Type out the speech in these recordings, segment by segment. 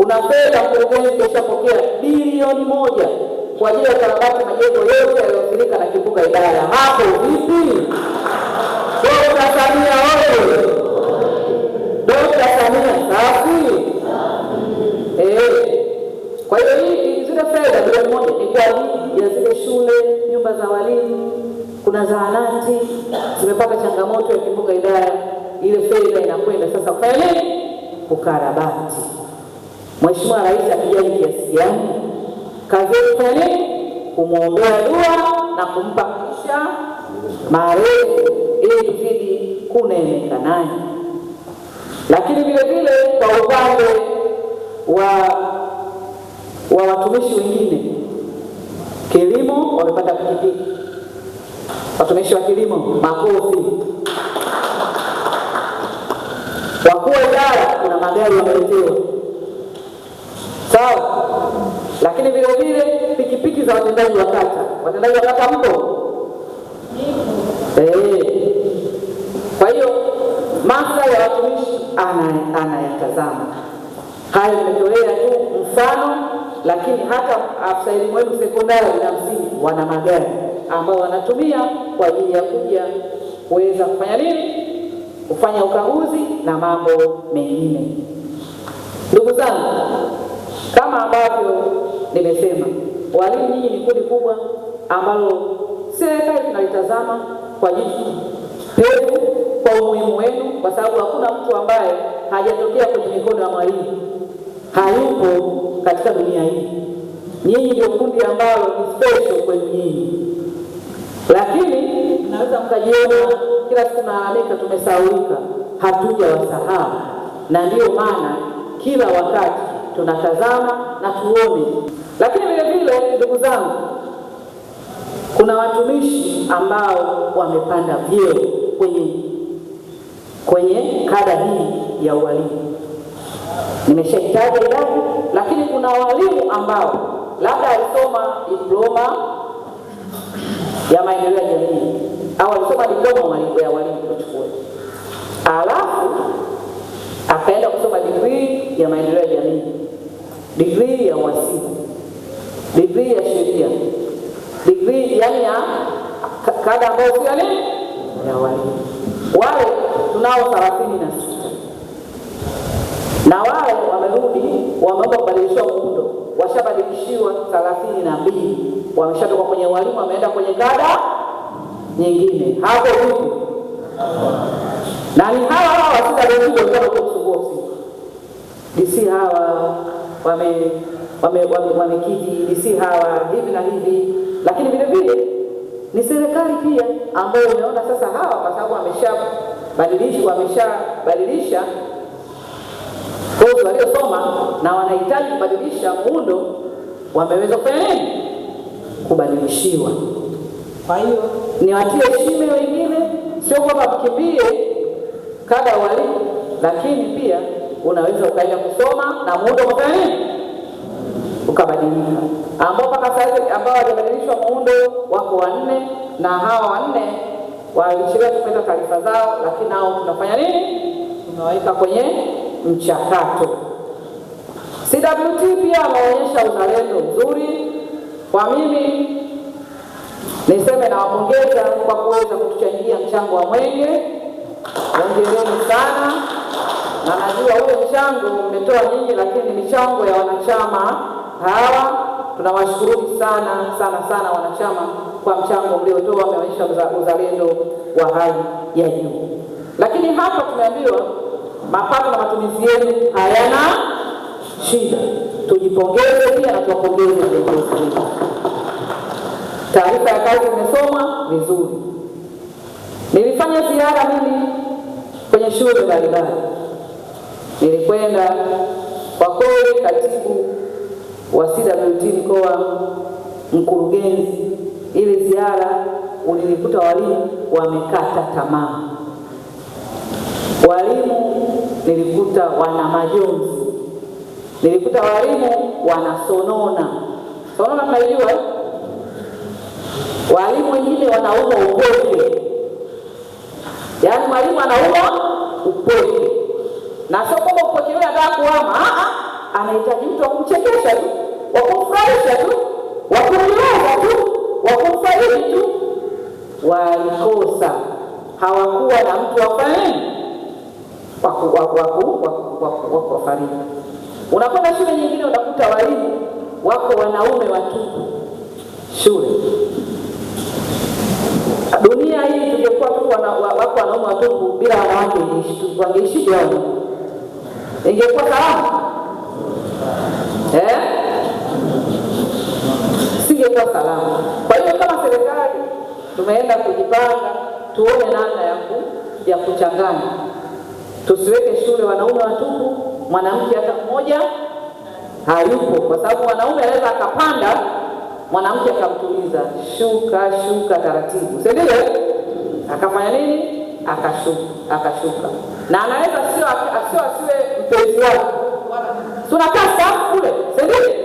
Kuna fedha mkurugenzi tumeshapokea bilioni moja kwa ajili ya ukarabati majengo yote yaliyoathirika na kimbunga Idara. Hapo vipi Dokta Samia oye! Dokta Samia safi. Eh, kwa hiyo hii zile fedha bilioni moja ni kwa ajili ya zile shule, nyumba za walimu, kuna zahanati zimepata changamoto ya kimbunga Idara. Ile fedha inakwenda sasa kufanya nini? Ukarabati. Mheshimiwa Rais akijali kiasi yangu, kazi yetu kumwombea dua na kumpa kisha marefu ili tuzidi kuneemeka naye, lakini vile vile kwa upande wa wa watumishi wengine kilimo, wamepata pikipiki, watumishi wa kilimo, makofi. Wakuu wa idara, kuna magari wameletewa sawa. Lakini vile vile pikipiki za watendaji wa kata, watendaji wa kata mpo eh? Kwa hiyo masa ya watumishi anayatazama hayo, imetolea tu mfano, lakini hata afisa elimu wenu sekondari na msingi wana magari ambao wanatumia kwa ajili ya kuja kuweza kufanya nini, kufanya ukaguzi na mambo mengine, ndugu zangu. Kama ambavyo nimesema, walimu nyinyi ni kundi kubwa ambalo serikali tunalitazama kwa jinsi refu, kwa umuhimu wenu, kwa sababu hakuna mtu ambaye hajatokea kwenye mikono ya mwalimu, hayupo katika dunia hii. Nyinyi ndio kundi ambalo ni special kwenu nyinyi, lakini naweza mkajiona kila siku naalamika, tumesahaulika. Hatuja wasahau, na ndiyo maana kila wakati tunatazama na tuone. Lakini vile vile, ndugu zangu, kuna watumishi ambao wamepanda vyeo kwenye kwenye kada hii ya ualimu, nimeshaitaja idadi, lakini kuna walimu ambao labda alisoma diploma ya maendeleo ya jamii au alisoma diploma ya walimu kuchukua, alafu akaenda kusoma digrii ya maendeleo ya jamii degree ya uhasibu, degree ya sheria, degree yani ya kada ambayo sio ile ya walimu. Wale tunao thelathini na sita na wale wamerudi, wameomba kubadilishiwa muundo, washabadilishiwa thelathini na mbili wameshatoka kwenye walimu, wameenda kwenye kada nyingine. Hapo vipi? na ni hawa hawa wasita ndio kusumbua usiku DC hawa wamekidhi wame, wame, wame hawa hivi na hivi, lakini vile vile ni serikali pia ambayo umeona sasa hawa kwa sababu wameshabadilisha wameshabadilisha kozi waliosoma na wanahitaji kubadilisha muundo, wameweza kufanya Kubadilishiwa. Kwa hiyo ni watie heshima wengine, sio kwamba mkimbie kada wali, lakini pia unaweza ukaenda kusoma na muundo ukafanya nini, ukabadilika, ambao mpaka sasa ambao hawajabadilishwa muundo wako wanne, na hawa wanne waishiriwa kupata taarifa zao, lakini nao tunafanya nini, Tunaweka kwenye mchakato. CWT pia wameonyesha uzalendo mzuri. Kwa mimi niseme nawapongeza kwa kuweza kutuchangia mchango wa mwenge, ongereni sana na najua huo mchango mmetoa nyinyi, lakini michango ya wanachama hawa. Tunawashukuru sana sana sana wanachama kwa mchango mliotoa, wameonyesha uzalendo wa hali ya juu. Lakini hapa tumeambiwa mapato na matumizi yenu hayana shida. Tujipongeze pia na tuwapongeze viongozi wetu. Taarifa ya kazi imesoma vizuri. Nilifanya ziara mimi kwenye shule mbalimbali Nilikwenda kwa kweli, katibu wa CWT mkoa, mkurugenzi, ili ziara ulinikuta walimu wamekata tamaa, walimu nilikuta wana majonzi, nilikuta walimu wanasonona sonona, mnaijua walimu wengine wanauma upoke, yaani mwalimu anauma upoke kwamba anahitaji mtu wa tu, wa tu, wa tu, wa tu. Walikosa, hawakuwa na mtu wafanini wakuwafariji. Unakwenda shule nyingine, unakuta walimu wako wanaume watupu shule dunia hii tungekuwa tu wako wanaume watupu bila wanawake, wangeishije? ingekuwa salama eh? Singekuwa salama. Kwa hiyo kama serikali tumeenda kujipanga, tuone namna ya ku, ya kuchanganya, tusiweke shule wanaume watupu, mwanamke hata mmoja hayupo, kwa sababu mwanaume anaweza akapanda, mwanamke akamtuliza, shuka shuka taratibu, si ndio? Akafanya nini? Akashuka, akashuka na anaweza sio asiwe tulijuana, tunakaa safu kule, si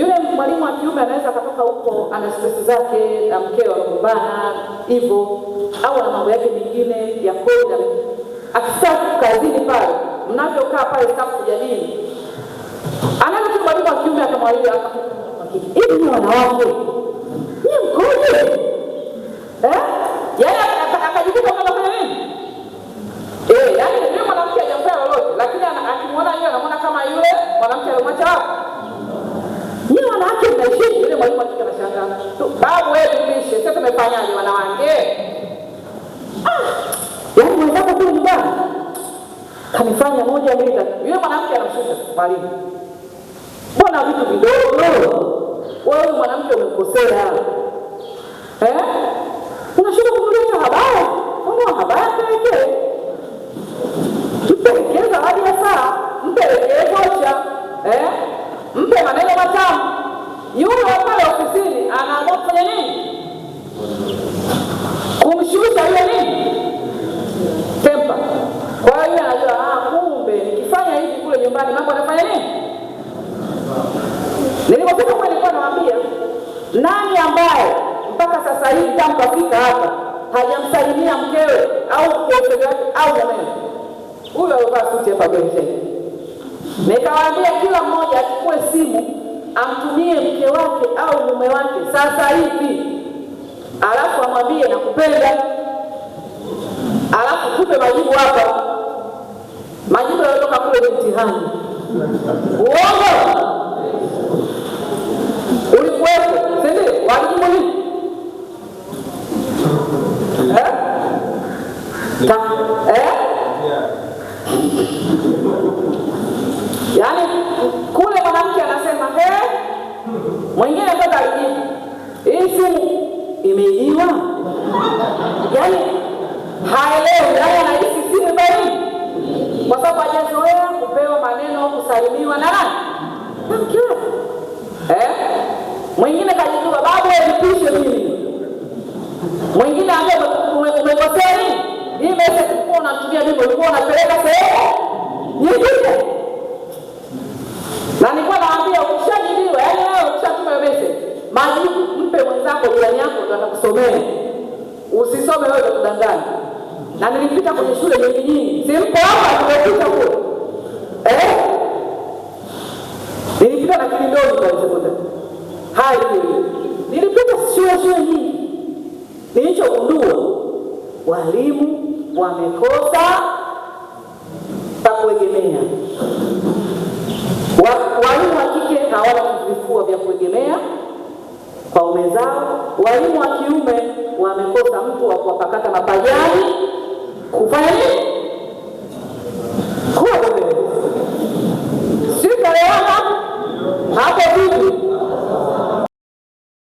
Yule mwalimu wa kiume anaweza akatoka huko ana stress zake na mkeo anakumbana hivyo, au ana mambo yake mengine ya kodi, akistafu kazini pale, mnavyokaa pale stafu kujadili, anaweza tu mwalimu wa kiume akamwambia hivi, wanawake ni mkoje? Kamfanya moja mbili tatu. Yule mwanamke anamshuka mwalimu. Mbona vitu vidogo? Wewe mwanamke umekosea. Eh? Unashindwa kumleta habari. Mbona habari pelekee? Mpelekee hadi ya saa, mpelekee kocha. Eh? Mpe maneno matamu. Yule pale ofisini anaamua kufanya nini? Kumshusha yule nini? pale, mambo anafanya nini? Nilipofika kule nilikuwa nawaambia nani ambaye mpaka sasa hivi tangu kafika hapa hajamsalimia mkewe au mkewe wake au mume huyo aliyovaa suti hapa kwenye. Nikawaambia kila mmoja achukue simu amtumie mke wake au mume wake sasa hivi, alafu amwambie nakupenda, alafu kupe majibu hapa ule mtihani uongo ulikuwepo, si ndio? Walijibu nini? Eh? Eh? Yaani kule mwanamke anasema he, mwingine mpaka alijibu hii simu imeibiwa, yaani haelewi, yaani anahisi simu bali kwa sababu hajazoea kalimiwa na nani? Na mkewe. Eh? Mwingine kalimiwa babu, nipishe mimi. Mwingine ambaye umekosea Hii message ulikuwa unatumia mimi, ulikuwa unapeleka sehemu nyingine. Na nilikuwa naambia ukishajibiwa, yaani wewe ukishatuma message, majibu mpe mwenzako, jirani yako ndio atakusomea. Usisome wewe utakudanganya. Na nilipita kwenye shule nyingi nyingi. Simpo hapa tumepita kule. Eh? nilipita na kilindoni kwa sekondari. Hai nilipita sio sio hii. Nilichogundua walimu wamekosa pa kuegemea. Walimu wa kike hawana vifua vya kuegemea kwa ume Walimu wa kiume wamekosa mtu wa kuwapakata mapajani kufanya Kofi